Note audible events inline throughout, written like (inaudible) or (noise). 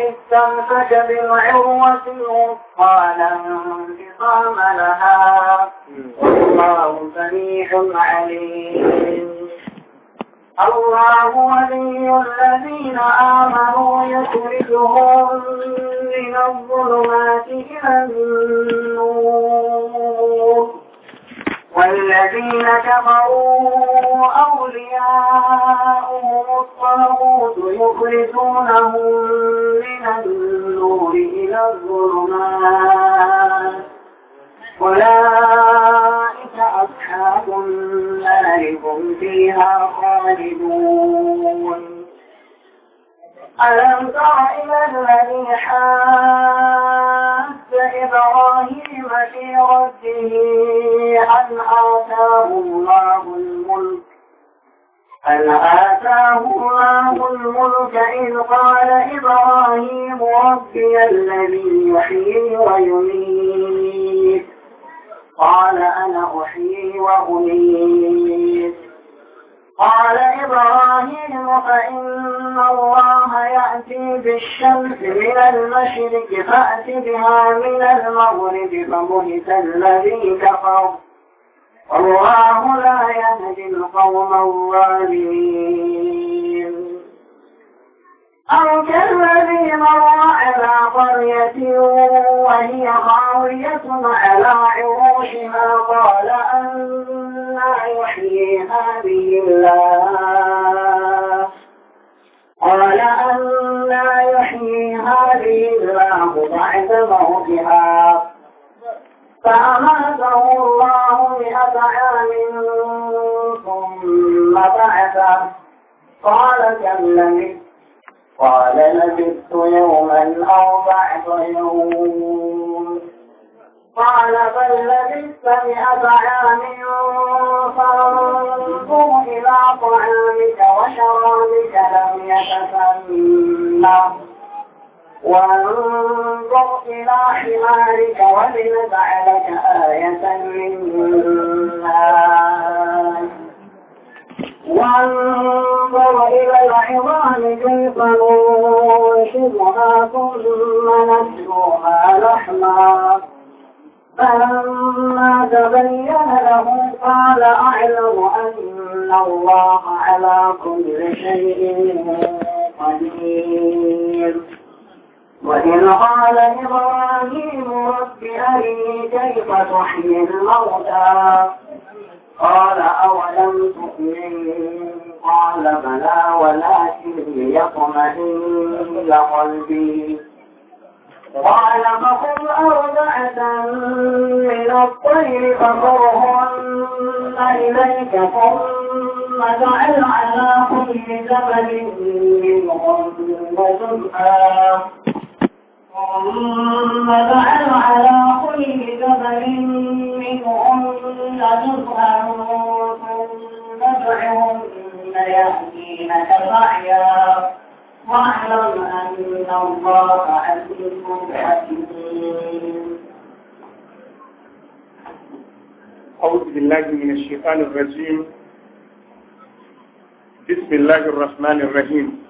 استمسك بالعروة الوثقى لا انفصام لها والله سميع عليم الله ولي الذين آمنوا يخرجهم من الظلمات إلى النور والذين كفروا أولياؤهم الطاغوت يخرجونهم من النور إلى الظلمات أولئك أصحاب النار هم فيها خالدون ألم تر إلى الذي حاز إبراهيم في ربه أن آتاه الله الملك أن آتاه الله الملك إذ قال إبراهيم ربي الذي يحيي ويميت قال أنا أحيي وأميت قال إبراهيم فإن الله يأتي بالشمس من المشرك فأت بها من المغرب فبهت الذي كفر والله لا يهدي القوم الظالمين أو كالذي مر على قرية وهي خاوية على عروشها قال أنا يحيي هذه الله قال أنا يحيي هذه الله بعد موتها فأماته الله مئة عام ثم بعثه قال كم لبثت قال لبثت يوما أو بعض يوم قال بل لبثت مئة عام فانظر إلى طعامك وشرابك لم يتسنه وانظر إلى حمارك ولنجعلك آية للناس وانظر إلى العظام كيف ننشدها ثم نسلوها لحما فلما تبين له قال أعلم أن الله على كل شيء قدير وإذ قال إبراهيم رب أرني كيف تحيي الموتى قال أولم تؤمن قال بلى ولكن ليطمئن قلبي قال فخذ أربعة من الطير فقرهن إليك ثم اجعل على كل جبل منهم جزءا ثم جعل على كل جبل منهن جزءا ثم ادعهن يأتينك سعيا واعلم أن الله عزيز حكيم أعوذ بالله من الشيطان الرجيم بسم الله الرحمن الرحيم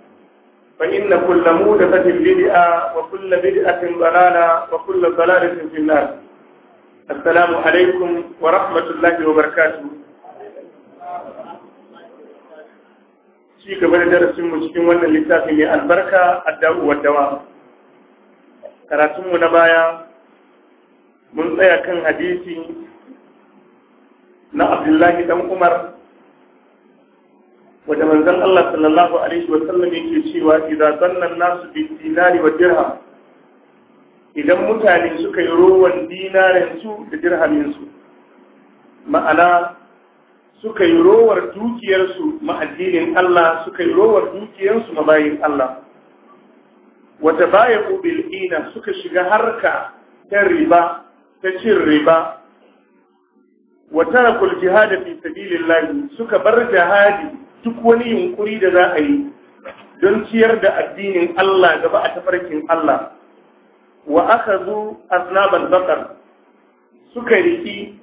فإن كل مودثة بدعة وكل بدعة ضلالة وكل ضلالة في النار السلام عليكم ورحمة الله وبركاته ci gaba da darasinmu cikin wannan littafi mai albarka addu'u wa dawa karatunmu na baya mun tsaya kan hadisi na Abdullahi dan Umar wanda manzon Allah sallallahu alaihi wa sallam yake cewa Idan zanna nasu bi dinari wa dirham idan mutane suka yi rowan dinarin su da dirhamin su ma'ana suka yi rowar dukiyar su Allah suka yi rowar dukiyar su ma bayin Allah wata baya ku ina suka shiga harka ta riba ta cin riba wa tarakul jihad fi sabilillahi suka bar jihadi duk wani yunkuri da za a yi don ciyar da addinin Allah gaba a tafarkin Allah wa aka zo asnaban bakar suka riki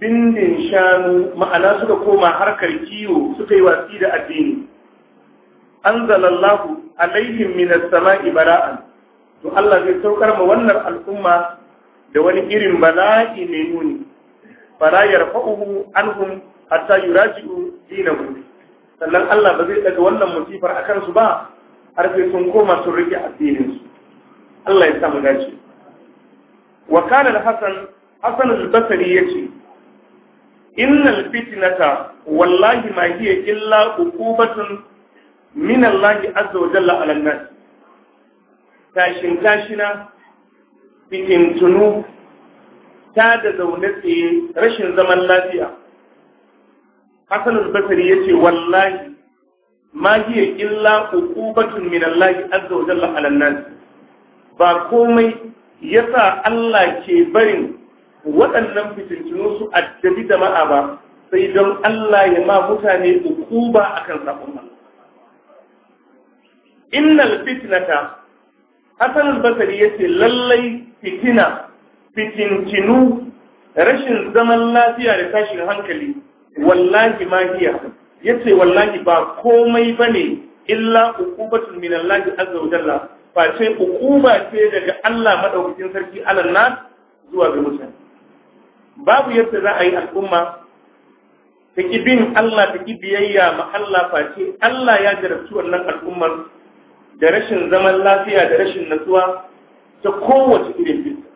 bindin shanu ma'ana suka koma harkar kiwo suka yi watsi da addini An anzalallahu alaihim minas sama'i bara'an to Allah zai saukar ma wannan al'umma da wani irin bala'i mai nuni fala yarfa'uhu anhum hatta yuraji'u dinahum sannan Allah ba zai daga wannan musifar a kansu ba har sai sun koma sun rike addinin su Allah ya mu dace wa kana al-hasan hasan al-basri yace innal fitnata wallahi ma hiya illa uqubatun min Allah azza wa jalla ala nas tashin tashina tunu, ta da zaune tsaye rashin zaman lafiya Hassan al-Basri yace wallahi ma hiya illa uqubatun min Allah azza wa jalla ala nas ba komai yasa Allah ke barin waɗannan fitintunu su addabi jama'a ba sai don Allah ya ma mutane uquba akan sabon innal fitnata Hassan al-Basri yace lallai fitina fitintinu rashin zaman lafiya da tashin hankali wallahi ma hiya yace wallahi ba komai bane illa uqubatun min Allah azza wa jalla face uquba ce daga Allah madaukakin sarki alal nas zuwa ga mutane babu yadda za a yi al'umma ta ki bin Allah ta ki biyayya ma Allah face Allah ya jarabci wannan al'ummar da rashin zaman lafiya da rashin natsuwa ta kowace irin bisa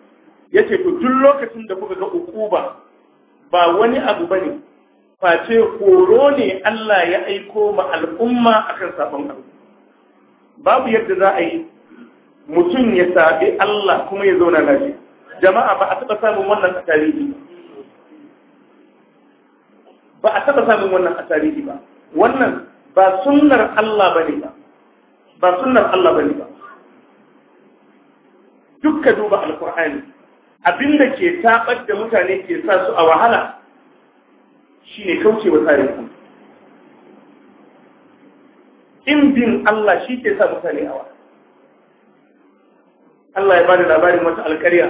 yace to duk lokacin da kuka ga uquba ba wani abu bane face horo ne Allah ya aiko ma al'umma a kan sabon abu babu yadda za a yi mutum ya sabi Allah kuma ya zauna lafiya jama'a ba a taɓa samun wannan a tarihi ba a taɓa samun wannan a tarihi ba wannan ba sunnar Allah bane ba ba sunnar Allah bane ba dukka duba alqur'ani abinda ke taɓar da mutane ke sa su a wahala shi ne kauce wa tsarin kuma in bin Allah shi ke sa mutane awa Allah ya bada labarin wata alkariya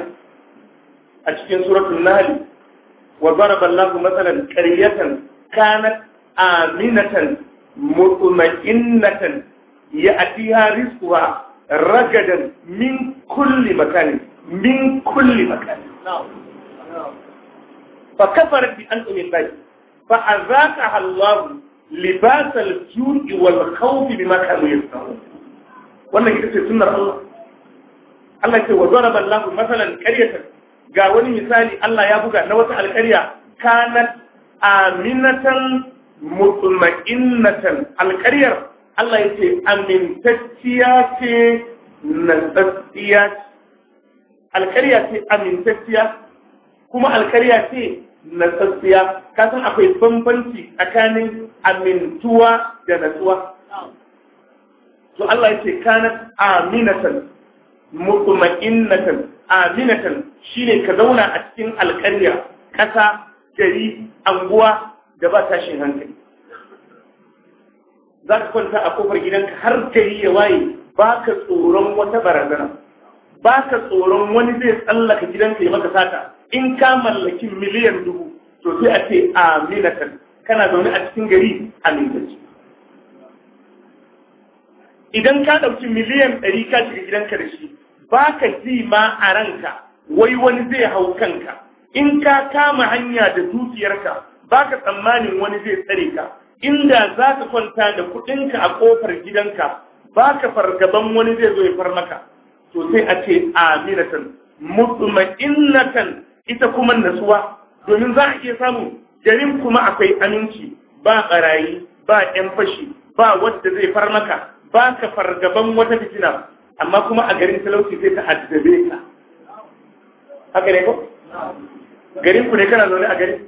a cikin suratun nahl wa daraba Allahu matsalar ƙaryatan kanat aminatan mutma'innatan ya'tiha rizquha ragadan min kulli makani min kulli makani fa kafarat bi an'amin Allah فأذاقها الله لباس الجوع والخوف بما كانوا يصنعون wannan ita ce sunnar Allah Allah ce wa zaraba Allah masalan karyatan. ga wani misali Allah ya buga na wata alƙarya kanat aminatan mutma'innatan alƙaryar Allah ya ce amintacciya ce natsattsiya alƙarya ce amintacciya kuma alƙarya ce na ka san akwai bambanci tsakanin amintuwa da natsuwa to Allah yace kanat aminatan mutma'innatan aminatan shine ka zauna a cikin alƙarya ƙasa gari anguwa da ba tashin hankali za ka kwanta a kofar gidanka har gari ya waye ba ka tsoron wata barazana ba ka tsoron wani zai tsallaka gidanka ya maka sata in ka mallaki miliyan dubu to sai a ce aminatan kana zaune a cikin gari amintacci idan ka ɗauki miliyan ɗari ka shiga gidanka da shi ba ka ji ma a ranka wai wani zai hau kanka in ka kama hanya da dukiyarka ba ka tsammanin wani zai tsare ka inda za ka kwanta da kuɗinka a ƙofar gidanka ba ka fargaban wani zai zo ya far maka to sai a ce aminatan innatan ita kuma nasuwa domin za a iya samu garin kuma akwai aminci ba barayi ba ɗan fashi ba wanda zai far maka ba ka fargaban wata fitina amma kuma a garin talauci sai ka addabe ka haka ne ko garin ku ne kana zaune a gari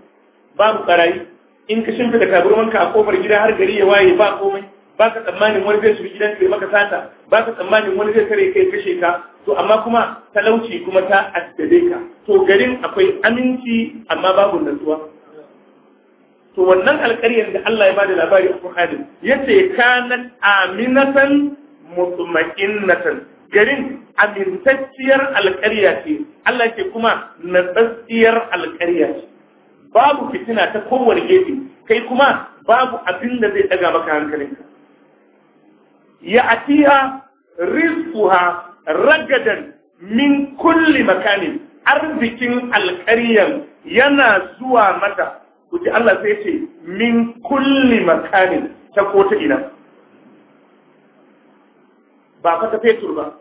babu barayi in ka shimfida taburmanka a kofar gida har gari ya waye ba komai ba ka tsammanin wani zai shiga gidan kai maka sata ba ka tsammanin wani zai kare kai kashe ka to amma kuma talauci kuma ta addade ka to garin akwai aminci amma babu natsuwa to wannan alƙaryar da Allah ya bada labari a Qur'ani yace kanat aminatan mutma'innatan garin amintacciyar alƙarya ce Allah ke kuma natsatsiyar alƙarya ce babu fitina ta kowane gefe kai kuma babu abin da zai daga maka hankalinka ya atiha rizquha ragadan min kulli makanin arzikin alƙaryan yana zuwa mata kuji Allah sai ce min kulli makanin ta ko ta ina ba fa ta fetur ba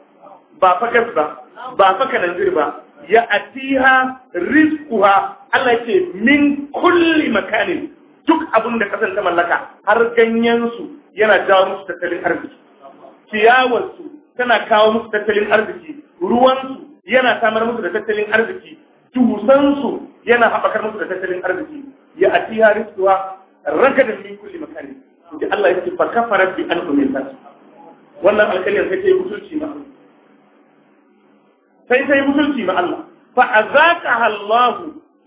ba fa gas ba ba fa kananzir ba ya atiha rizquha Allah ce min kulli makanin duk abin da kasance mallaka har ganyen su yana jawo musu tattalin arziki ciyawarsu tana kawo musu tattalin arziki ruwansu yana samar musu da tattalin arziki dusansu yana haɓakar musu da tattalin arziki ya atiha rizquha da min kulli makani da Allah ya ce fa kafara bi an umita wannan alƙalin sai ta yi mutunci ma Allah. sai ta yi mutunci ma Allah fa azaqaha Allah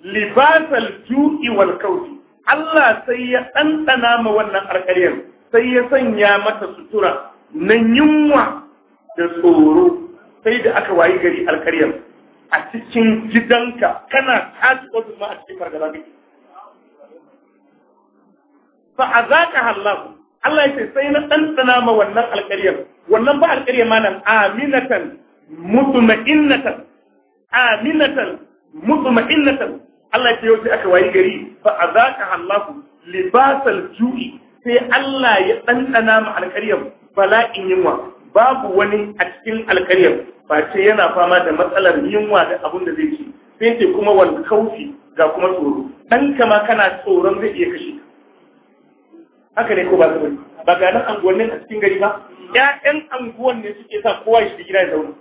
libasal ju'i wal kawfi Allah sai ya ɗanɗana ma wannan alƙalin sai ya sanya mata sutura na yunwa da tsoro sai da aka wayi gari alkaryar a cikin gidanka kana tashi wasu ma a cikin fargaba kake fa azaka Allah Allah yace sai na ɗanɗana ma wannan alkaryar wannan ba alkaryar ma nan aminatan mutma'innatan aminatan mutma'innatan Allah yace yau sai aka wayi gari fa ka Allah libasal ju'i sai Allah ya ɗanɗana ma alkaryar bala'in yunwa babu wani a cikin alkaryar ce yana fama da matsalar yunwa da abun da zai ci sai ce kuma wal kaufi ga kuma tsoro dan kama kana tsoron zai iya kashe haka ne ko ba zai ba ga nan anguwannin a cikin gari ba ƴaƴan anguwan ne suke sa kowa shi da gida ya zauna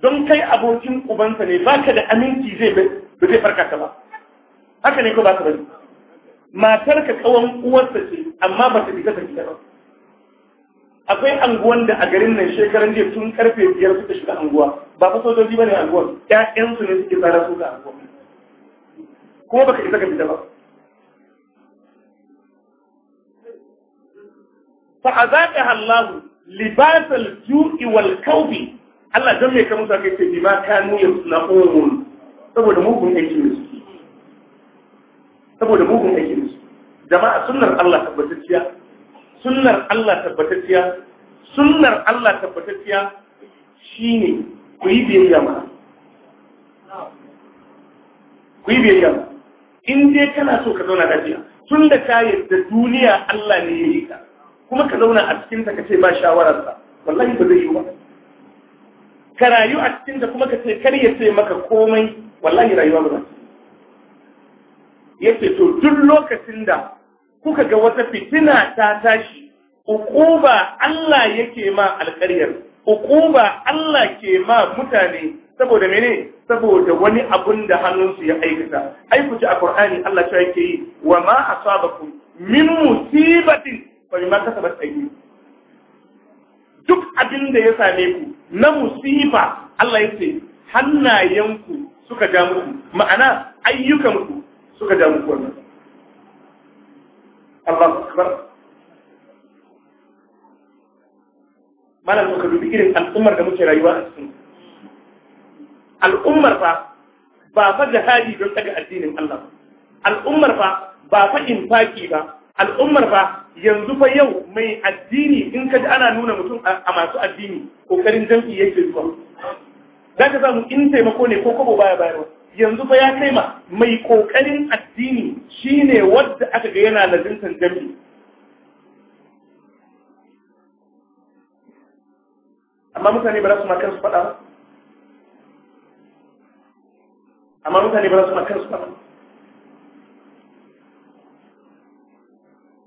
don kai abokin ubansa ne baka da aminci zai ba zai farka ka ba haka ne ko ba bari? matar ka tsawon uwarsa ce amma ba ta fita ta fita ba akwai anguwan da a garin nan shekaran jiya tun karfe biyar suka shiga anguwa ba fa sojoji bane anguwan ƴaƴansu ne suke tsara su ga anguwa kuma baka isa ka fita ba fa azaqaha Allah libasal ju'i wal kawbi Allah dan me ka musa kai ce bima kanu yasna'un saboda mugun aiki ne saboda mugun aiki ne jama'a sunnar Allah tabbatacciya sunnar Allah tabbatacciya sunnar Allah tabbatacciya shine ku yi biyayya ma ku yi biyayya ma in dai kana so ka zauna lafiya tun da ka yadda duniya Allah ne ya yi ka kuma ka zauna a cikin ta kace ba shawararsa wallahi ba zai yi ba ka rayu a cikin ta kuma ka ce kar ya ce maka komai wallahi rayuwa ba za ta yace to duk lokacin da kuka ga wata fitina ta tashi ukuba Allah yake ma alƙaryar ukuba Allah ke ma mutane saboda mene saboda wani abun da hannunsu ya aikata ai ku ci a Allah ta yake yi wa ma asabakum min musibatin fa bima kasabat aydikum duk abin da ya same ku na musiba Allah yace hannayenku suka ga muku ma'ana ayyukanku suka ja wannan Allahu akbar malam ka dubi irin al'ummar da muke rayuwa a cikin al'ummar fa ba fa jihadi don daga addinin Allah al'ummar fa ba fa infaki ba al'ummar fa yanzu fa yau mai addini in ka ji ana nuna mutum a masu addini kokarin jam'i yake zuwa za ka samu in taimako ne ko kobo baya bayarwa yanzu fa ya kai ma mai kokarin addini shine wanda aka ga yana lazintan jami'i amma mutane ba za su ma kansu faɗa ba amma mutane ba za su ma kansu faɗa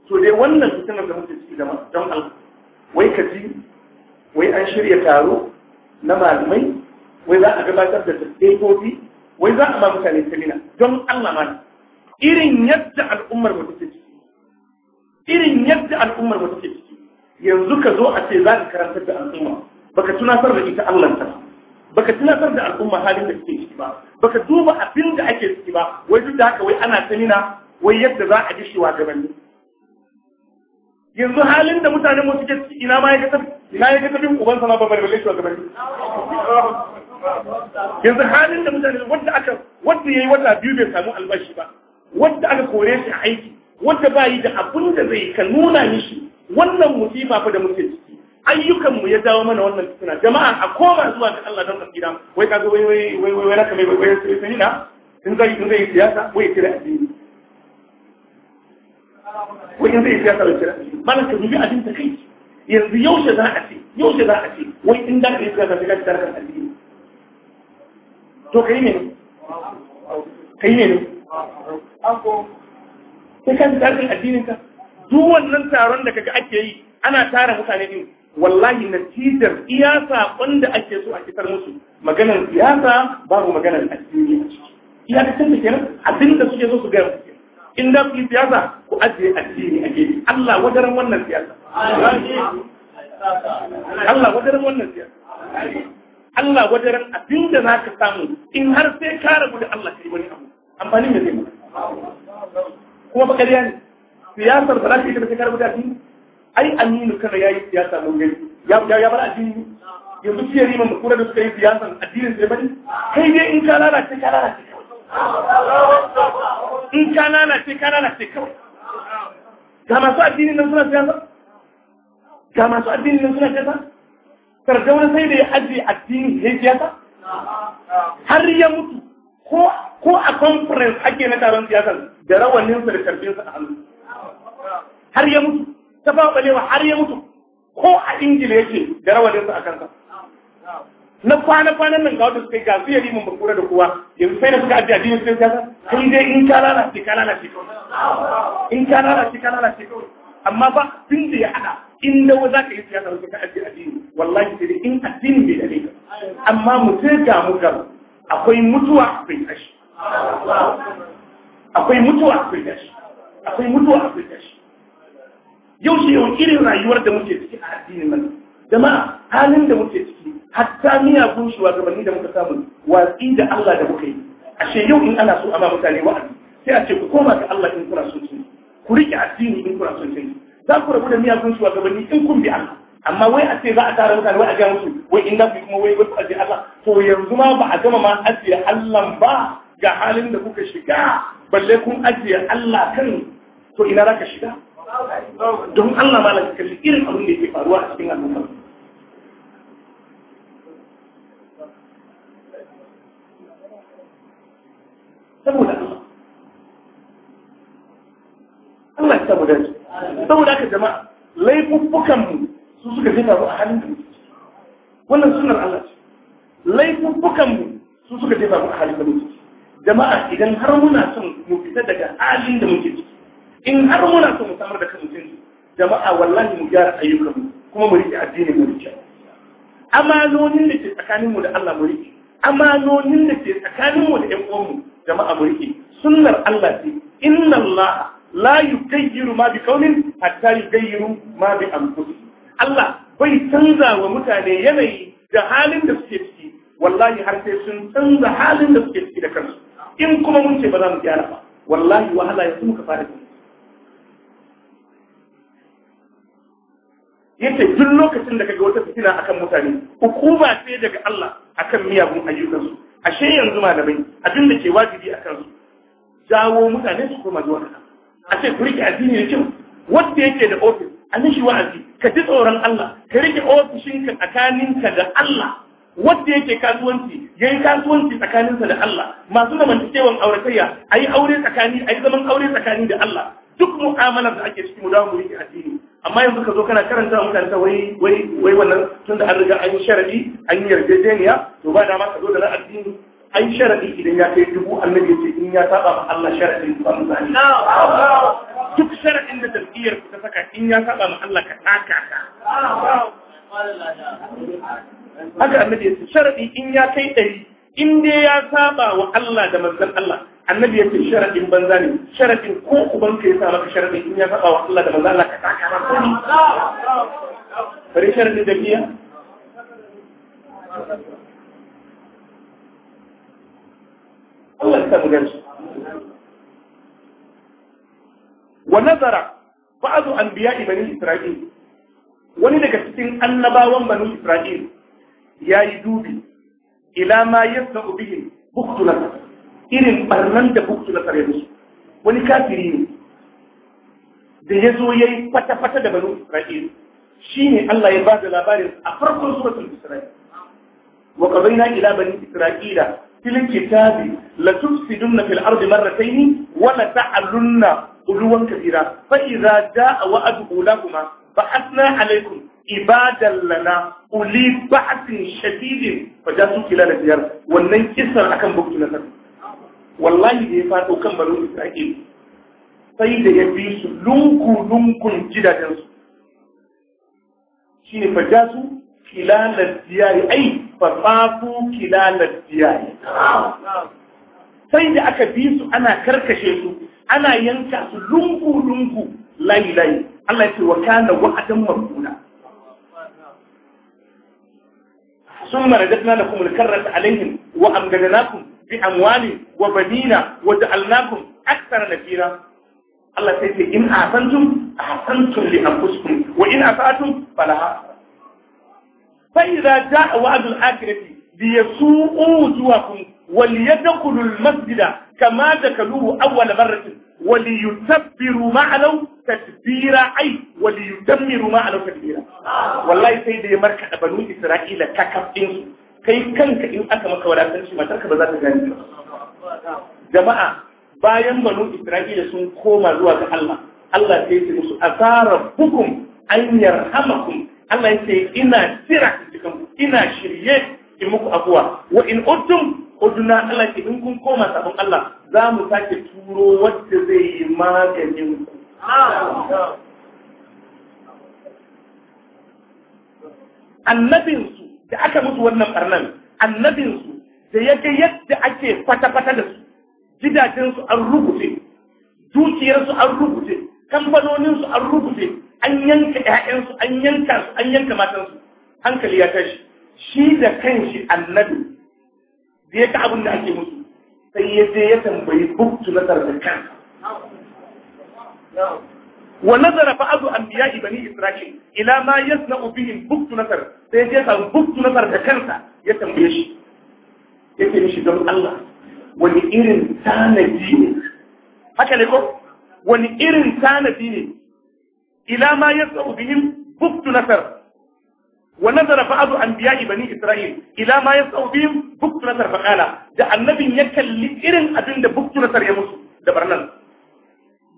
to dai wannan fitinar da muke ciki da don al wai ka ji wai an shirya taro na malamai wai za a gabatar da dabbobi wai za a ma mutane semina don Allah ma irin yadda al'ummar mu take ciki irin yadda al'ummar mu take ciki yanzu ka zo a ce za ka karantar da al'umma baka tunatar da ita Allah ta baka tunatar da al'umma halin da take ciki ba baka duba abin da ake ciki ba wai duk da haka wai ana semina wai yadda za a ji shi wa gabanin yanzu halin da mutanen mu suke ciki ina ma ya ga tafi ina ya ga tafi uban sana ba bare shi wa gabanin yanzu halin da mutane wanda aka wanda yayi wata biyu bai samu albashi ba wanda aka kore shi a aiki wanda ba yi da abin da zai ka nuna mishi wannan musiba fa da muke ciki ayyukan mu ya dawo mana wannan fitina jama'a a koma zuwa ga Allah don kasira wai ka zo wai wai wai wai naka mai wai wai sai sai na in zai in zai siyasa wai kira addini wai in zai siyasa wai kira malam ka dubi abin ta kai yanzu yaushe za a ce yaushe za a ce wai in da ka yi siyasa sai ka tsara kan addini to kai ne kai ne sai ka tsarin addinin ka duk wannan taron da kaga ake yi ana tara mutane din wallahi natijar iya saƙon da ake so a fitar musu maganar siyasa babu maganar addini a ciki iya ka canza kenan abin da suke so su gaya musu in da ku yi siyasa ku ajiye addini ake gefe Allah wadaran wannan siyasa Allah wadaran wannan siyasa Allah wadaran abin da za ka samu in har sai ka rabu da Allah kai wani abu amfani mai zai kuma ba ƙarya ne siyasar ba za ka yi da sai ka rabu da addini ai aminu kana ya yi siyasa mun gani ya ya bar addini yanzu fiye riman da kura da suka yi siyasar addinin sai bari kai dai in ka lalace ka lalace in ka lalace ka lalace kawai ga masu addinin nan suna siyasa ga masu addinin nan suna siyasa sardauna sai da ya ajiye addini ya siyasa har ya mutu ko a conference ake na taron siyasa da sa da karbinsa a hannu har ya mutu ta faɓalewa har ya mutu ko a ingila yake da sa a kansa na kwana-kwanan nan ga wata suka yi gasu yari mun bakura da kowa yanzu sai da suka ajiye addini sai siyasa kun dai in ka lalace ka lalace in ka lalace ka lalace kawai amma ba tun da ya hada in da za ka yi siyasa wasu ka ajiye addini wallahi sai in addini bai dade ka amma mu sai ga mu ga akwai mutuwa akwai tashi akwai mutuwa akwai tashi akwai mutuwa akwai tashi yau shi yau irin rayuwar da muke ciki a addinin nan jama'a halin da muke ciki hatta miyagun shugabanni da muka samu watsi da Allah da muka yi ashe yau in ana so a ma mutane wa'azi sai a ce ku koma ga Allah in kuna so su ku riƙe addini in kuna son za ku rabu da miyagun shugabanni in kun bi Allah amma wai a ce za a tara mutane wai a ga musu wai in ku kuma wai ku aje Allah to yanzu ma ba a gama ma ajiye Allah ba ga halin da kuka shiga balle kun ajiye Allah kan to ina za ka shiga don Allah ma la irin abin da yake faruwa a cikin al'umma jama'a laifuffukan mu su suka jefa mu a halin da muke ciki. wannan sunar Allah ce laifuffukan mu su suka jefa mu a halin da muke ciki. jama'a idan har muna son mu fita daga halin da muke ciki in har muna son mu samar da kanmu canji jama'a wallahi mu gyara ayyukanmu kuma mu rike addinin mu rike amanonin da ke tsakanin mu da Allah mu rike amanonin da ke tsakanin mu da ƴan uwanmu jama'a mu rike sunnar Allah ce inna Allah la yukayyiru ma bi kaumin hatta yukayyiru ma bi anfusihim Allah bai canza wa mutane yanayi da halin da suke ciki wallahi har sai sun canza halin da suke ciki da kansu in kuma mun ce ba za mu gyara ba wallahi wahala ya muka fara ciki yace duk lokacin da kaga wata fitina akan mutane hukuma sai daga Allah akan miyagun ayyukansu ashe yanzu malamai abin da ke wajibi akan su jawo mutane su koma zuwa a ce ku rike addini da kyau wanda yake da ofis a mishi wa'azi ka ji tsoron Allah ka rike ofishinka tsakaninka da Allah wanda yake kasuwanci ya yi kasuwanci tsakaninsa da Allah masu zamantakewan auratayya a yi aure tsakani a zaman aure tsakani da Allah duk mu'amalar da ake ciki mu dawo mu rike addini amma yanzu ka zo kana karanta mutane ta wai wai wai wannan tunda an riga an yi sharadi an yi yarjejeniya to ba dama ka zo da na addini ai sharadi idan ya kai dubu annabi ya ce in ya saba ma Allah sharadi ba mu sani duk sharadin da tafiyar ta saka in ya saba ma Allah ka taka ka haka annabi ya ce sharadi in ya kai dari in dai ya saba wa Allah da manzon Allah annabi ya ce sharadin banza ne sharadin ko ka ya sa maka sharadi in ya saba wa Allah da manzon Allah ka taka ka bare sharadin da biya Allah ya samu gansu wa nazara ba'du anbiya'i Isra'il wani daga cikin annabawan bani Isra'il yayi dubi ila ma yasna'u bihim buktulan irin barnan da buktulan ya musu wani kafiri ne da ya zo ya yi fata-fata da banin Isra'il shi ne Allah ya ba da labarin a farkon suratul Isra'il. Wa qabaina ila bani Isra'ila fil kitabi la tufsiduna fil ardi marratayn wa la ta'alunna uluwan kabira fa idza jaa wa'du ulakuma ba'athna alaykum ibadan lana uli ba'sin shadidin fa jasu kilal wannan kisar akan buktu na wallahi da ya fado kan baro Isra'il sai da ya bi su lunku lunkun gidajensu shi ne fa jasu ai fasafu kilalar diyaye sai da aka bi su ana karkashe su ana yanka su lungu-lungu layi-layi Allah ce wa kana wa'adan mabuna sun maradatna da kuma karrata alaihim wa amgadanakum bi amwali wa banina wa ja'alnakum aksara nafira Allah sai ce in a a san tun asantum tun li anfusikum wa in a asatum falaha sai za a wa’adun akirati da ya su zuwa kun wani ya dakulun masjida kama wallahi sai da ya marka a banu kanka in aka maka wadatar shi matar ba jama'a bayan banu isra’ila sun koma zuwa ga allah allah sai ya musu a tsara hukum an yarhamakum Allah ya ce ina tsira cikin ina shirye in muku abuwa wa in udtum udna Allah ke in kun koma sabon Allah za mu sake turo wacce zai yi maganin ku su da aka musu wannan barnan annabinsu da ya ga yadda ake fata-fata da su gidajensu an rubuce dukiyarsu an rubuce kamfanoninsu an rubuce an yanka ‘ya'yansu an yanka su an yanka matansu hankali ya tashi shi da kanshi annabi da ya ka abin da ake mutu. sai ya je ya tambayi buktu nazar da kan wa nazara fa azu biya Ibani isra'il ila ma yasna'u bihim buktu nazar sai ya je samu buktu nazar da kansa ya tambaye shi yake mishi don Allah wani irin tanadi ne haka ne ko wani irin tanadi ne ila ma yasau bihim buktu nasar ونظر بعض أنبياء بني إسرائيل إلى ما يسعو بهم بكت نصر فقال دا النبي يكل لإرن أبن دا بكت نصر يمس دا برنال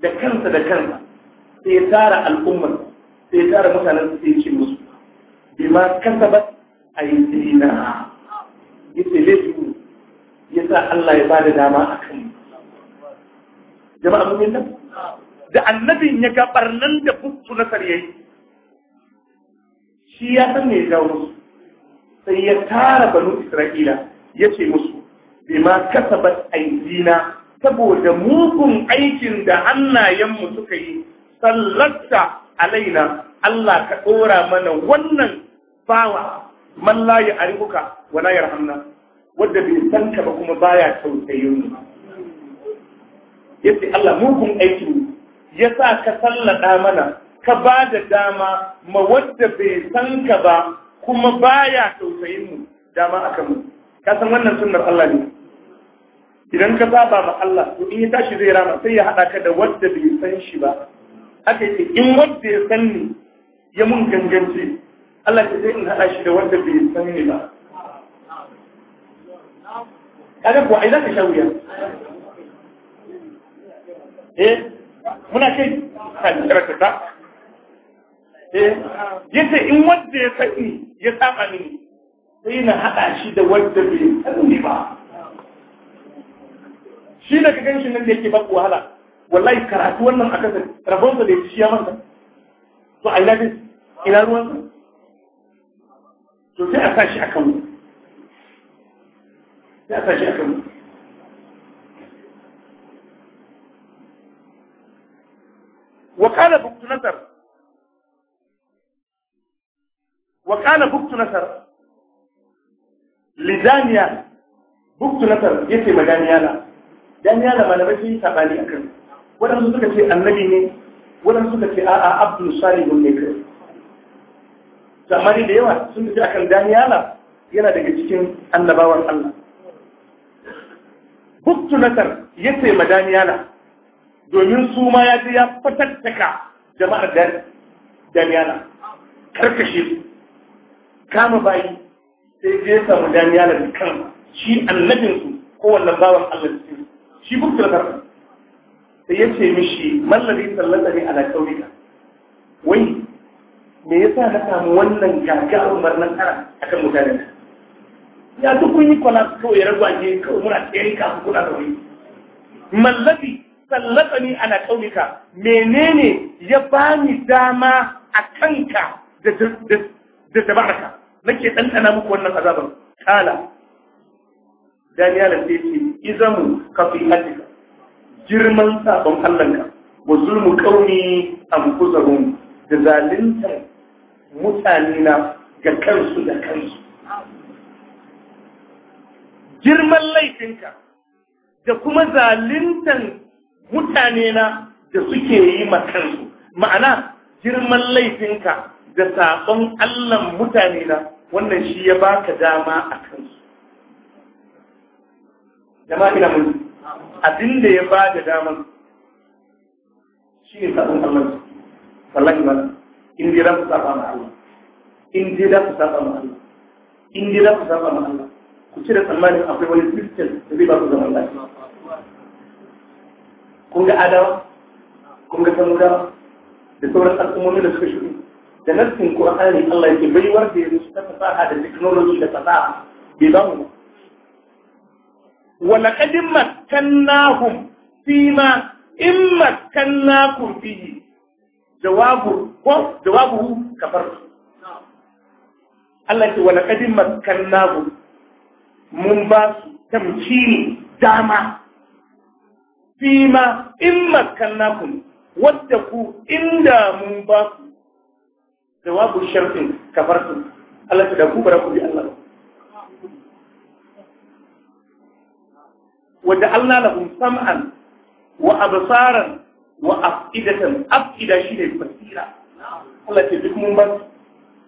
دا كنسة دا كنسة سيتار الأمة سيتار مثلا سيشي مصر بما كسبت أيدينا يتلجو يسا الله يبالي داما أكل جماعة مؤمنة da annabin ya ga barnan da kuku na sarye shi ya san me ya jawo musu sai ya tara banu isra'ila ya ce musu bima kasabat aidina saboda mugun aikin da hannayenmu suka yi sallatta alaina Allah ka ɗora mana wannan bawa man layi a rikuka wa layar yarhamna Wadda bai san ka ba kuma baya tausayin mu yace Allah mugun aikin ya sa ka sallaɗa mana ka ba da dama ma wadda bai san ka ba kuma baya tausayin mu dama aka mu ka san wannan sunnar Allah ne idan ka saba ma Allah to in ya tashi zai rama sai ya hada ka da wadda bai san shi ba aka ce in wadda ya san ni ya mun gangance Allah ya sai in hada shi da wadda bai san ni ba kaga ko ai za ka sha wuya eh muna kai ta eh yace in wanda ya sani ya saba ne, sai na haɗa shi da wanda bai sani ba shi kagan shi nan da yake ba wahala wallahi karatu wannan aka sani rabonsa da ya ci ya manta to a ina bin ina ruwansa to sai a sa shi kanmu sai a sa shi kanmu وقال بكت نصر وقال بكت نصر لدانيا بكت نصر يتي ما دانيالا دانيالا ما نبتي سبالي أكل ولم تكتي النبي ني ولم تكتي آآ عبد صالح نكر samari da yawa sun fi akan daniyala yana daga cikin annabawan Allah. Buktu Nasar ya ce ma daniyala, domin su ma ya ji ya fatattaka jama'ar da damiyana karkashe su kama bayi sai je samu damiyana da kan shi annabinsu ko wannan bawan Allah cikin shi da karfa sai ya ce mishi mallari sallata ne a ala kaurika wai me yasa na samu wannan gaga gagarumar a akan mutane ka ya duk kun yi kwana kawai ya ragwaje kawai muna tsere kafin kuna da wani mallabi sallatani ana kaunika, menene ya bani dama a kanka da dabaraka nake ɗanɗana muku wannan azabar kala Daniel sai ce izamu kafiyatika girman sabon Allahnka wa zulmu a anfusahum da zalinta mutane ga kansu da kansu girman laifinka da kuma zaluntan mutane na da suke yi ma kansu ma'ana girman laifinka da saƙon allon mutane na wannan shi ya baka dama a kansu jama'a ina mun abin da ya ba da daman shi ne saƙon allan wallahi ba in dai za ku saba ma Allah in dai za ku saba ma Allah in dai ku saba ma Allah ku cire tsammanin akwai wani system da zai ba ku zaman lafiya kun ga adawa kun ga samudawa da sauran al'ummomi da suka shigo da nassin qur'ani Allah yake baiwar da yanzu ta fasaha da technology da fasaha bai ba mu wa laqad makkannahum ma in makkannakum fihi jawabu ko jawabu kafar Allah ce wa laqad makkannahum mun ba su tamkini dama fima in makannakum wadda ku inda mun ba ku jawabu sharfin kafartum Allah ta da ku bara ku bi Allah wadda Allah lahum sam'an wa absaran wa afidatan afida shi ne basira Allah ce duk mun ba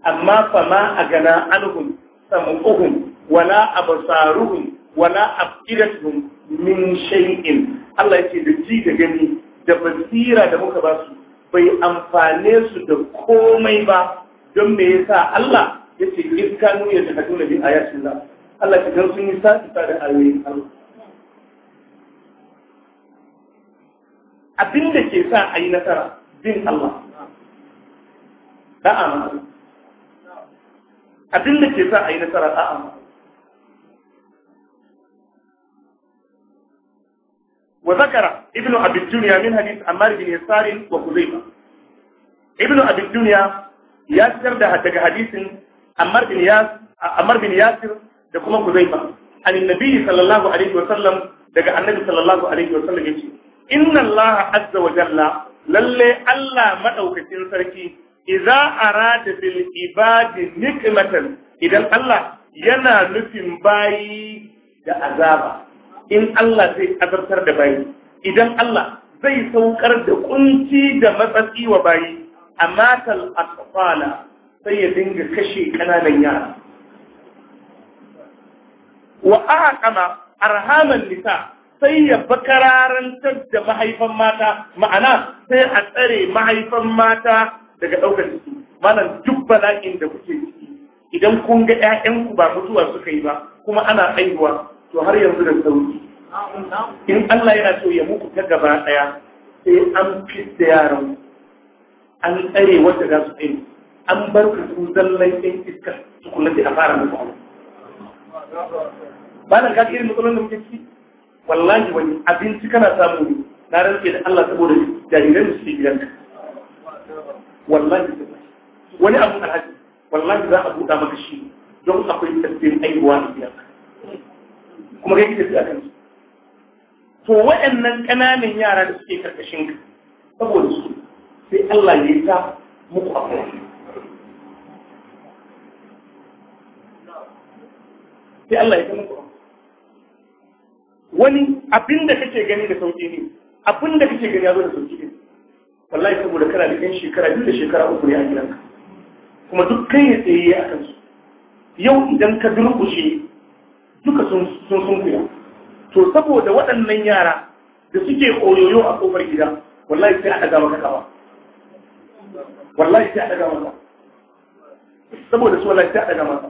amma fa ma agana anhum sam'uhum wala absaruhum wala afidatuhum min shay'in Allah yake da ji da gani da basira da muka ba su bai amfane su da komai ba don me yasa Allah yace in kanu ya da kaduna bi ayatin Allah Allah ki dan sun yi sati da ayoyin Allah abin da ke sa a yi nasara bin Allah da'a ma abin da ke sa a yi nasara da'a وذكر ابن أبي الدنيا من حديث عمار بن يسار وخزيمة ابن أبي الدنيا ياسر ده حديث عمار بن ياسر عمار بن ياسر da kuma Kuzaifa an annabi sallallahu alaihi wa sallam daga annabi sallallahu alaihi wa sallam yace inna allaha azza wa jalla lalle Allah maɗaukacin sarki a rada bil ibadi nikmatan idan Allah yana nufin bayi da azaba in Allah zai azartar da bayi idan Allah zai saukar da kunci da matsatsi wa bayi a matal asfala sai ya dinga kashe kananan yara wa aqama arhaman nisa sai ya bakararantar da mahaifan mata ma'ana sai a tsare mahaifan mata daga ɗaukar ciki malam duk bala'in da kuke ciki idan kun ga 'ya'yanku ba mutuwa suka yi ba kuma ana aihuwa to har yanzu da sauki in Allah yana so ya muku ta gaba daya sai an fidda yaran an tsare wanda za su tsare an bar ku su zallan ɗin iska su kula da a fara muku abu ba na kaki irin matsalolin da muke ciki wallahi wani abinci kana samu ne na rantse da Allah saboda jariran da suke gidanka wallahi wani abu alhaji wallahi za a buɗa maka shi don akwai tasirin aibuwa a gidanka kuma kai kike tsaya kan to waɗannan ƙananan yara da suke karkashin ka saboda su sai Allah ya yi ta muku afuwa sai Allah ya ta muku wani abin da kake gani da sauƙi ne abin da kake gani ya zo da sauƙi ne wallahi saboda kana da ɗan shekara biyu da shekara uku ne a gidanka kuma duk kai ya tsaye a kansu yau idan ka durƙushe duka sun sun sunkuya to saboda waɗannan yara da suke koyoyo a kofar gida wallahi sai a daga maka kawa wallahi sai a daga maka saboda su wallahi sai a daga maka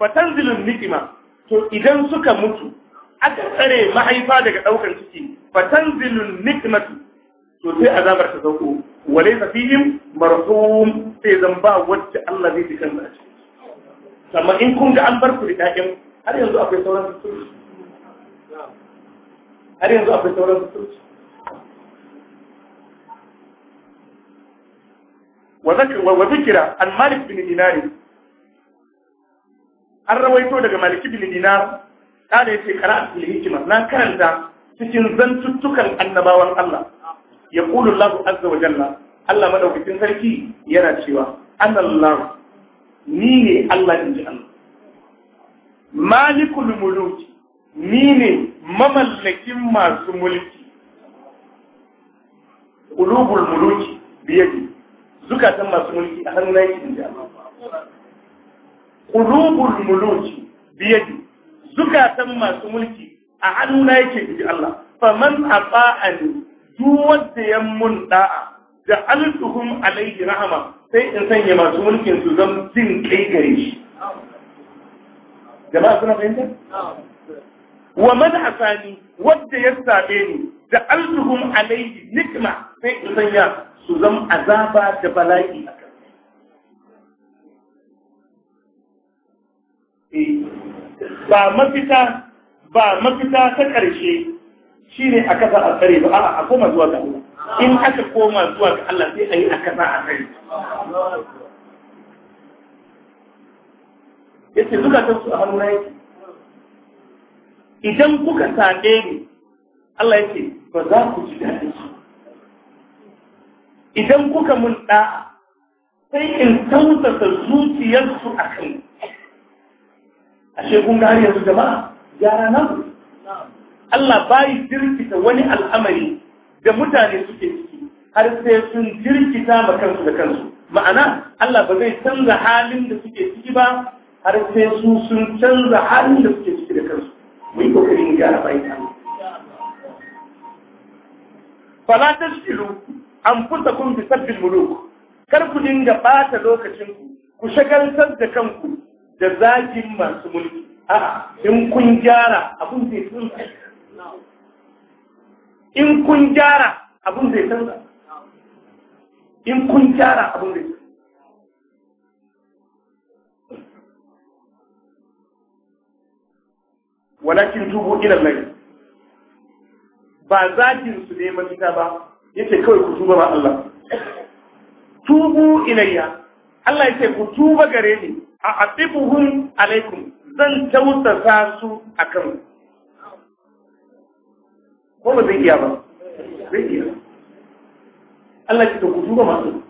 fatanzilun nikima to idan suka mutu aka tsare mahaifa daga ɗaukar ciki fatanzilun nikmatu to sai azabar ta sauko walaysa fihim marhum sai zan ba wacce Allah zai ji kansa a ciki amma in kun ga an bar ku da ƴaƴan har yanzu akwai sauran suturci har yanzu akwai sauran suturci an malik bin dinari An rawaito daga malik bin دينار kada yace qara'atul hikma na karanta cikin zantuttukan annabawan Allah yaqulu Allahu azza wa jalla Allah madaukakin sarki yana cewa anallahu ni ne Allah inji Allah malikul muluki ni ne mamallakin masu mulki qulubul muluki biyadi zukatan masu mulki a hannun yake inji Allah qulubul muluki biyadi zukatan masu mulki a hannuna yake ji Allah faman ata'ani duk wanda ya mun da'a da altuhum alaihi rahama sai in sanya masu mulkin su zan jin kai gare shi jama'a suna fahimta wa man asani wanda ya sabe ni da altuhum alaihi nikma sai in sanya su zan azaba da bala'i a kan ba mafita ba mafita ta ƙarshe shi ne a kasa a tsare ba a koma zuwa ga Allah in aka koma zuwa ga Allah sai a yi a kasa a tsare ya ce ta su a hannun yake idan kuka saɗe ni Allah ya ce ba za ku ji daɗin su idan kuka mun ɗa'a sai in tausasa zuciyarsu a kai ashe kun gane yanzu jama'a gyara nan Allah bai jirkita wani al'amari da mutane suke ciki har sai sun jirkita ma kansu da kansu ma'ana Allah ba zai canza halin da suke ciki ba har sai su sun canza halin da suke ciki da kansu mu yi kokarin gyara bai ta fala tashkilu kun bi sabbin muluk kar ku dinga bata lokacin ku ku shagaltar da kanku da zagin masu mulki a'a in kun gyara abun zai canza in kun gyara abun zai canza in kun gyara abun zai canza walakin tubu ila mai ba zakin su ne mafita ba yace kawai ku tuba ba Allah tubu ilayya Allah yace ku tuba gare ni a atibuhum alaikum zan za su a kan ko ba zai iya ba zai iya Allah ki ku duba masu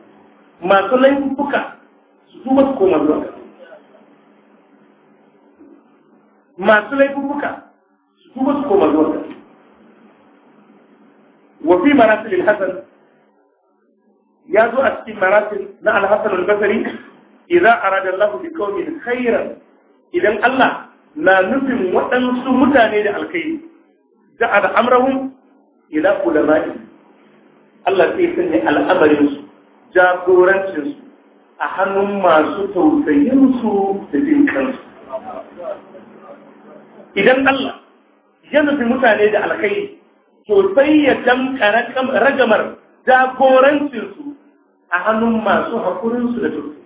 masu laifuka su duba su koma zuwa masu laifuka su duba su koma zuwa wa fi marasil hasan ya zo a cikin marasil na alhassan albasari idza arada Allahu bi qaumin khairan idan Allah na nufin waɗansu mutane da alkai da al'amrahum ila ulama'i Allah sai sanya al'amarin su jagorancin su a hannun masu tausayin su da jin kansu idan Allah ya nufi mutane da alkai to sai ya damka ragamar jagorancinsu a hannun masu haƙurinsu da turki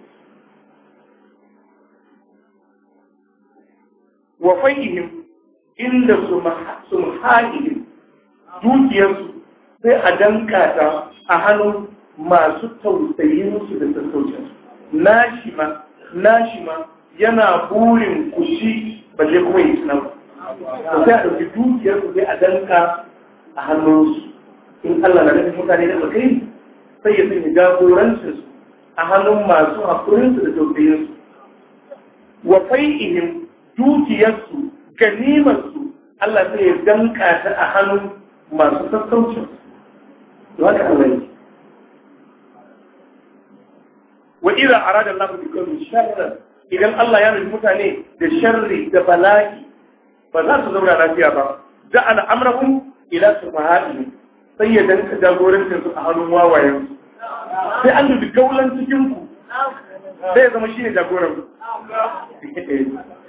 wa fayihim inda sumhanihim dukiyarsu sai a danka ta a hannun masu tausayin su da tattaucin nashima nashima yana burin kuci ba zai kuma yi tunan ba sai a ɗauki dukiyarsu sai a danka a hannunsu in Allah na nufin mutane da kai sai ya sanya su a hannun masu haƙurinsu da tausayinsu wa fai'ihim dukiyarsu ganimarsu Allah sai ya danka ta a hannun masu sassaucin wata Allah ne wa idan arada Allah bi kulli sharrin idan Allah ya nufi mutane da sharri da bala'i ba za su zauna lafiya ba ja'ala amrahum ila sufaha'i sai ya danka jagorancin su a hannun wawayen sai an dubi gaulan cikin ku sai ya zama shine jagoran ku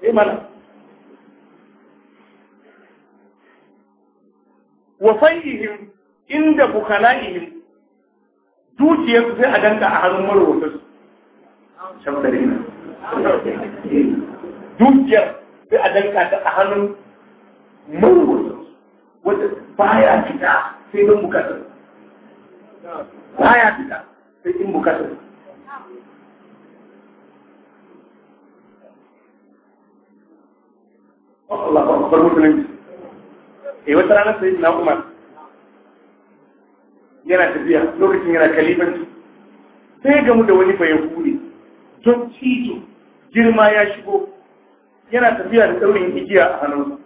sai eh, mana wa fayihim inda bukala'ihim dukiyarsu sai a danka a hannun marwata su dukiyar sai a danka ta a hannun marwata su wata baya fita sai don bukatar baya fita sai in bukatar Allah ba bar musulunci eh rana sai na Umar yana tafiya lokacin gamu da wani don girma ya shigo yana tafiya da tsaurin igiya a hannunsa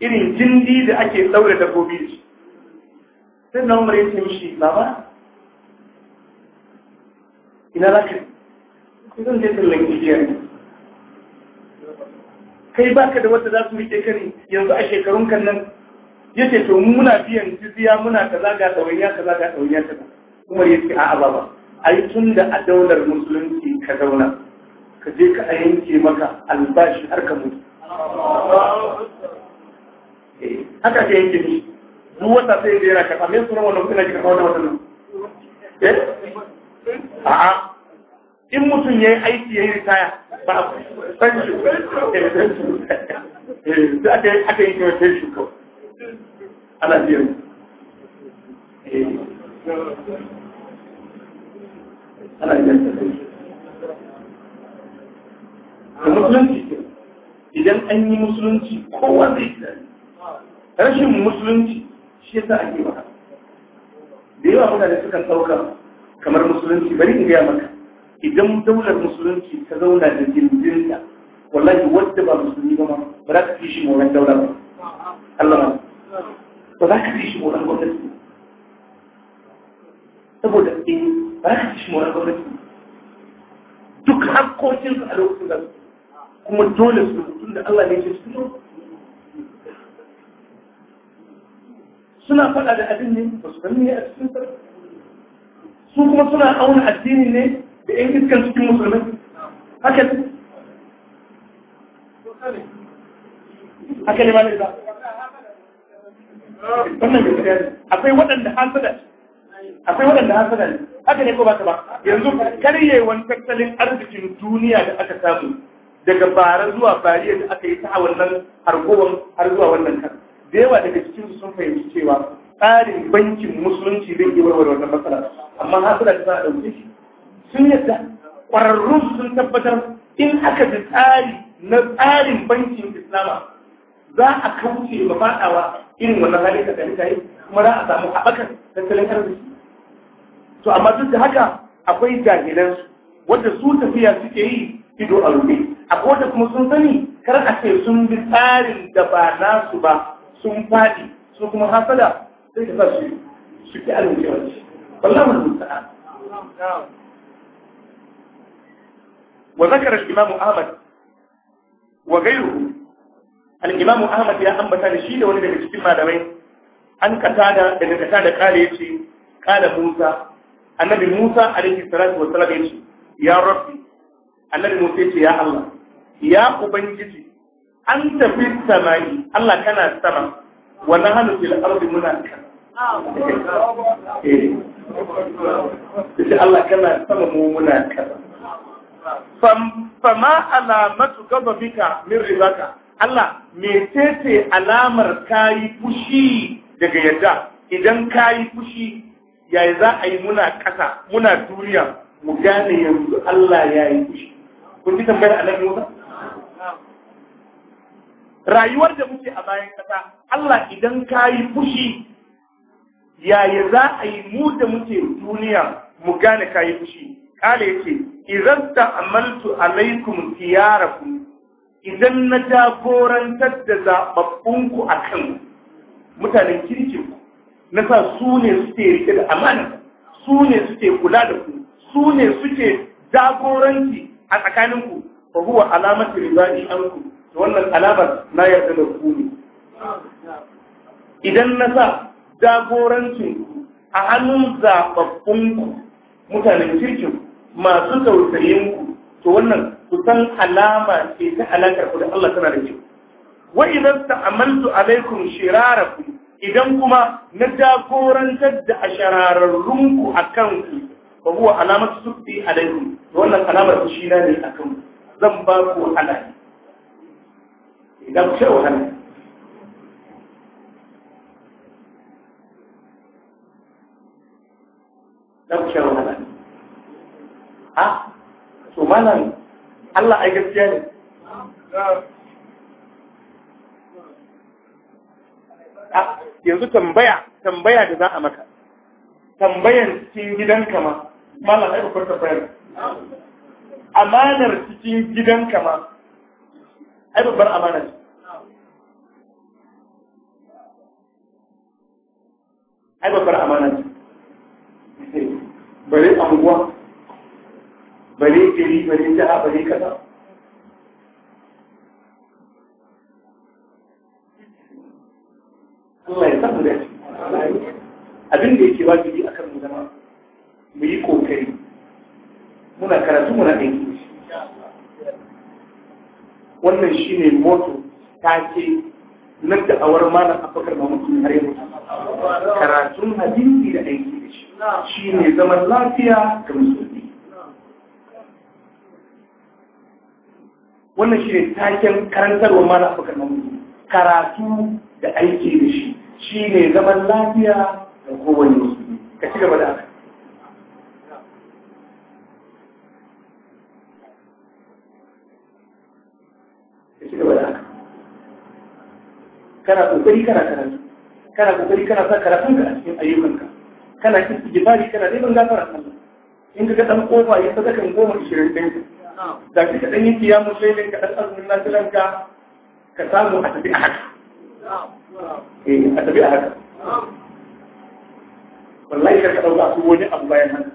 irin jindi da ake ɗaure dabbobi da shi sai na umar ya ce mishi baba ina za ka zan je tallan igiya ne kai baka da wata za su riƙe ka yanzu a shekarun kan nan ya ce to muna biyan jiziya, muna kaza ga ɗawainiya kaza ga ka. kaza umar ya ce a'a baba yi tun da a daular musulunci ka zauna ka je ka a yanke maka albashi har ka mutu eh, haka ka yanke ni duk wata sai da yana karɓa me sunan wannan kuna ji karɓa wannan wannan eh? a'a in mutum ya yi aiki ya yi ritaya yi ana biyan ana biyan musulunci idan an yi musulunci kowa zai tunani rashin musulunci shi yasa ake maka da yawa mutane sukan sauka kamar musulunci bari in gaya maka idan daular musulunci ta zauna da jirginta wallahi wadda ba musulmi ba ba za ka fi shi moran daular ba Allah ba ba za ka fi shi moran gwamnati saboda in ba za ka fi shi moran gwamnati duk hakkokin su a lokacin da kuma dole su mutum da Allah ne ce su suna faɗa da abin ne ba su kalli ne a cikin sarki su kuma suna auna addini ne da ‘yan iskan cikin musulmai haka ne haka ne ma ne za wannan gaskiya ne akwai waɗanda hasada akwai waɗanda hasada ne haka ne ko ba ta ba yanzu karyewan tattalin arzikin duniya da aka samu daga bara zuwa bariya da aka yi ta a wannan hargowar har zuwa wannan kan da yawa daga cikin sun fahimci cewa tsarin bankin musulunci zai iya warware wannan matsala amma hasada ta za a ɗauke shi sun yadda ƙwararrun sun tabbatar in aka ji tsari na tsarin bankin islama za a kauce ba faɗawa irin wannan hali da ta yi kuma za a samu haɓakar tattalin arziki to amma duk da haka akwai jahilan wadda su tafiya suke yi ido a rufe akwai wadda kuma sun sani kar a ce sun bi tsarin da ba nasu ba sun faɗi su kuma hasada sai ka sa su su arziki wallahi mun sa'a وذكر الإمام أحمد وغيره الإمام أحمد يا أم بتاني شيء لو نبي نشتم هذا وين أن كتادا إن كتادا قال يشي قال موسى النبي موسى عليه الصلاة والسلام يشي يا ربي النبي موسى يا الله يا أبنجي أنت في السماء الله كان السماء ونحن في الأرض منافقا إيه الله كان السماء منافقا fama alamatu gazabika min ribaka, Allah metete alamar kayi fushi daga yadda idan kayi fushi yayi za a yi muna ƙasa muna duniya mu gane yanzu Allah ya yi fushi kun ji tambayar annabi Musa rayuwar da muke a bayan ƙasa Allah idan kayi fushi yayi za a yi mu da muke duniya mu gane kayi fushi kale yace idan ta'amaltu alaikum khiyarakum idan na jagorantar da zababbunku kan mutanen kirkin ku na sa su ne suke rike da amana su ne suke kula da ku su ne suke jagoranci a tsakaninku fa huwa alamatu an anku to wannan alamar na yarda da ku ne idan na sa jagorancin a hannun zababbunku mutanen kirkin masu tausayin ku to wannan kusan alama ce ta alakar ku da Allah tana da kyau wa idan ta'amaltu alaikum shirarakum idan kuma na jagorantar da a akan ku ba huwa su sufi alaikum wannan alamar shi ne akan ku zan ba ku halali idan ku sai wahala dan ku sai wahala a to manan Allah a gaskiya ne yanzu tambaya tambaya da za a maka tambayan cikin gidanka ma malam ai bakwai tambayar amanar cikin gidanka ma ai babbar amana ai babbar amana bare anguwa bare gari bare jiha bare kaza Allah ya samu da abin da yake wajibi a mu zama mu yi kokari muna karatu muna aiki wannan shi ne moto take na da'awar malam ma mutum har yau karatun hadisi da aiki da shi ne zaman lafiya ga musulmi wannan shi ne taken wa mana afirka na karatu da aiki da shi shi ne zaman lafiya da kowane musulmi ka ci gaba da haka ka kana kokari kana karatu kana kokari kana sa ka a cikin ayyukanka kana kin tijibari kana ban gafara Allah in ka ga dan kofa ya saka kan goma ishirin ɗaya da ka dan yi kiyamu lailin ka dan azumin nafilan ka ka samu a tafi a haka eh a tafi a haka wallahi ka dauka su wani abu bayan haka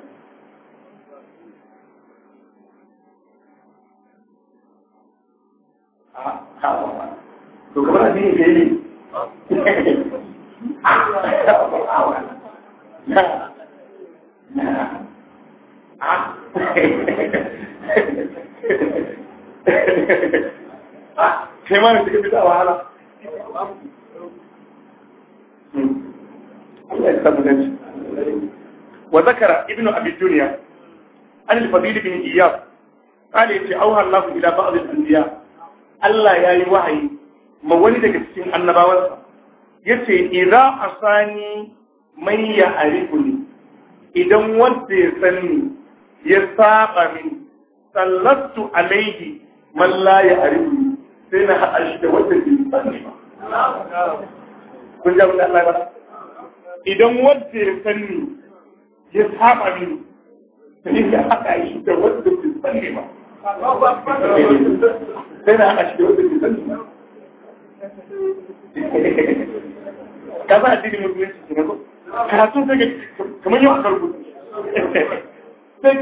to kamar (laughs) a cikin kai ne a kai ma ne suka fi da wahala Allah ya samu dace wa zakara ibnu abi dunya an al-fadil bin iyab قال يتي أوها الله إلى بعض الأنبياء الله يا وحي ما ولدك السين النبوة يتي إذا أصاني من يعرفني إذا ود يسني يساق من سلطت عليه من لا يعرفني sai na haɗa shi da wata sani ba. Kun ji abin da Allah ba? Idan wanda ya sani ya saba sai haɗa shi da wata sani ba. Sai na haɗa shi da wata sani ba. Ka za a ke nazo? kamar yau a karbu. Sai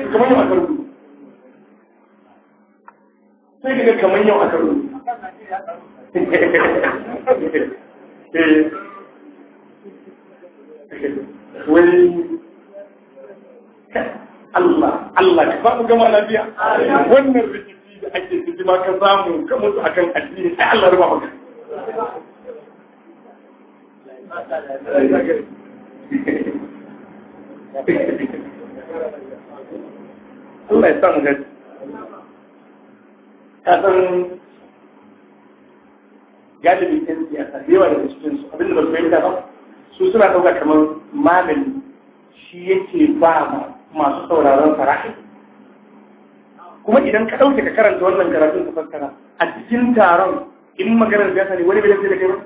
kamar yau yau a karbu. Allah Allah ka samu gama lafiya wannan rikici da ake ciki ma ka samu ka mutu akan addini sai Allah ruba maka Allah ya samu gaji. Kasan galibin yan siyasa da yawa daga cikin su abinda ba su fahimta ba su suna ɗauka kamar malami shi yake ba masu sauraron farahi kuma idan ka ɗauke ka karanta wannan karatun ka fassara a cikin taron in maganar siyasa ne wani bai da kai ba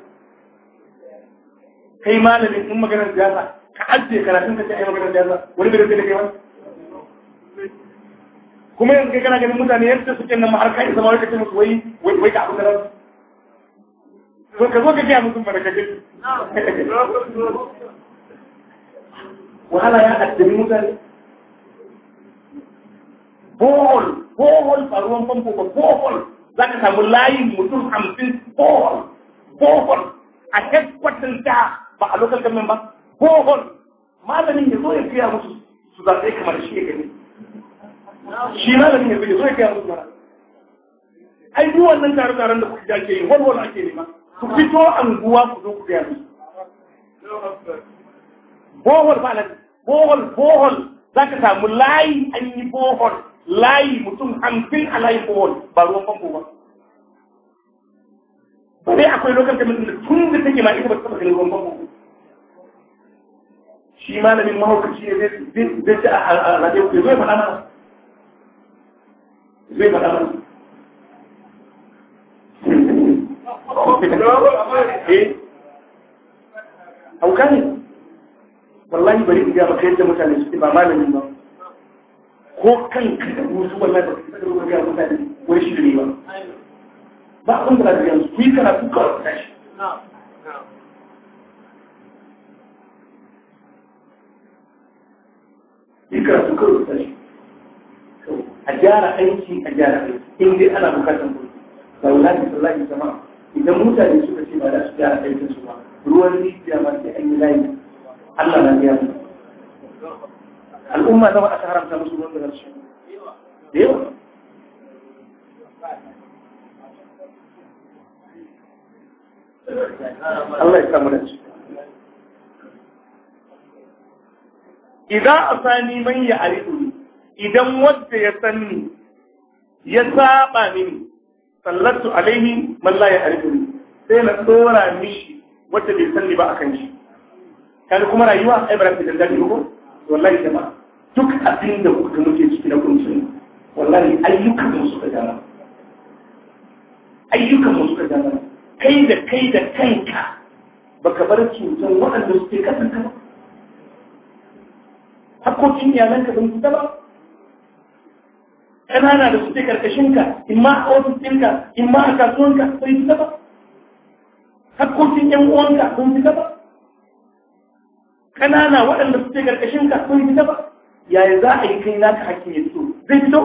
kai malamin in maganar siyasa ka ajiye karatun ka ce ai maganar siyasa wani bai da kai ba kuma yanzu kai kana ganin mutane yadda suke nan har kai zama wai ka ce musu wai wai ka abin da ka zo ka gaya musu mana wahala ya addabi mutane bohol bohol ba ruwan famfo ba bohol za ka samu layin mutum hamsin bohol bohol a headquarters da ba a local government ba bohol malamin ya zo ya fiya musu su zaɓe kamar shi ya gani shi malamin ya zo ya fiya musu mara ai duk wannan tare-taren da kuka ake yi walwala ake nema ku fito anguwa ku zo ku biya su bohol ba bohol bohol za ka samu layi an yi bohol layi mutum hamsin a layi bohol ba ruwan famfo ba bare akwai lokacin mutum da tun da take ma ita ba ta ganin ruwan famfo shi min mahaukaci ne zai zai ci a rabe ku zai faɗa mana zai faɗa mana eh hauka ne wallahi bari in ga maka yadda mutane su ba malami ba ko kan kada musu wallahi ba ka saka ga mutane wai shi ne ba ba abin da ba yanzu ku yi karatu kawai tashi yi karatu kawai tashi a gyara aiki a gyara aiki in dai ana bukatar kuɗi wallahi wallahi jama'a idan mutane suka ce ba za su gyara aikin su ba ruwan rijiya ma sai an yi layi Allah na biya al'umma nawa aka haramta musu ruwan da su da yawa Allah ya samu da su idan sani man ya aridu idan wanda ya sani, ya saba mini sallatu alaihi man la ya'rifuni sai na tsora mishi wanda bai sanni ba a kan shi kan kuma rayuwa ai ba ta dangane ko wallahi jama'a duk abin da kuka muke ciki na kunci wallahi ayyukan mu suka dama ayyukan mu suka dama kai da kai da kanka baka bar cutan waɗanda suke kasanta ba hakkokin iyalanka ba mu ba ƙanana da suke ka, in ma a ofis ɗinka in ma a kasuwanka sun fi ba hakkokin ƴan uwanka sun fi ba ƙanana waɗanda suke ka, sun fi ba yaya za a yi kai ka hakkin ya fito zai fito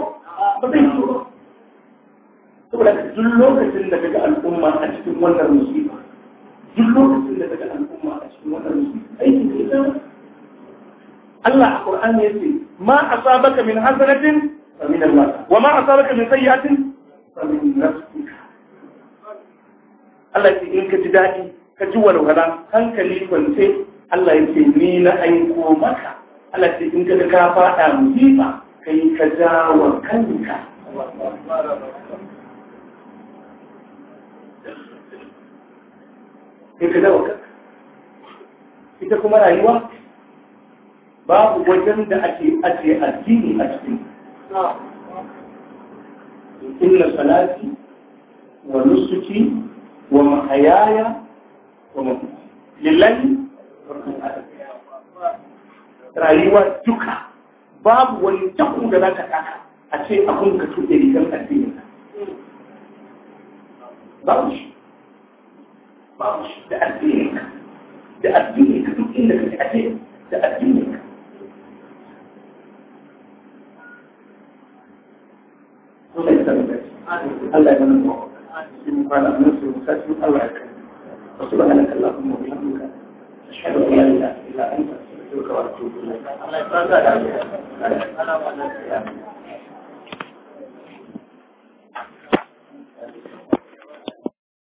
ba zai fito ba saboda duk lokacin da daga al'umma a cikin wannan musiba duk lokacin da daga al'umma a cikin wannan musiba aikin ke Allah a Qur'ani yace ma asabaka min hasanatin فمن الله وما أصابك من سيئة فمن نفسك الله إن كتدائي كجول وكذا كان كلي كنتي الله يسمينا أيكو مكة الله إن كتكافا أمزيبا كي كجاوى كنك ka dawo kanka, ita kuma rayuwa babu wajen da ake ajiye addini a cikin salati wa إن صلاتي ونسكي ومحياي ومماتي lillahi rayuwa duka babu wani takun da za ka ɗaka a ce abun ka tuɗe rigar addinin babu shi babu shi da addinin da addinin ka duk inda ka ce da addinin Allah ya mana mu cikin malamin su sai Allah ya kai subhanaka allahumma wa bihamdika ashhadu an la ilaha illa anta astaghfiruka wa atubu ilayk Allah ya tsara da Allah ya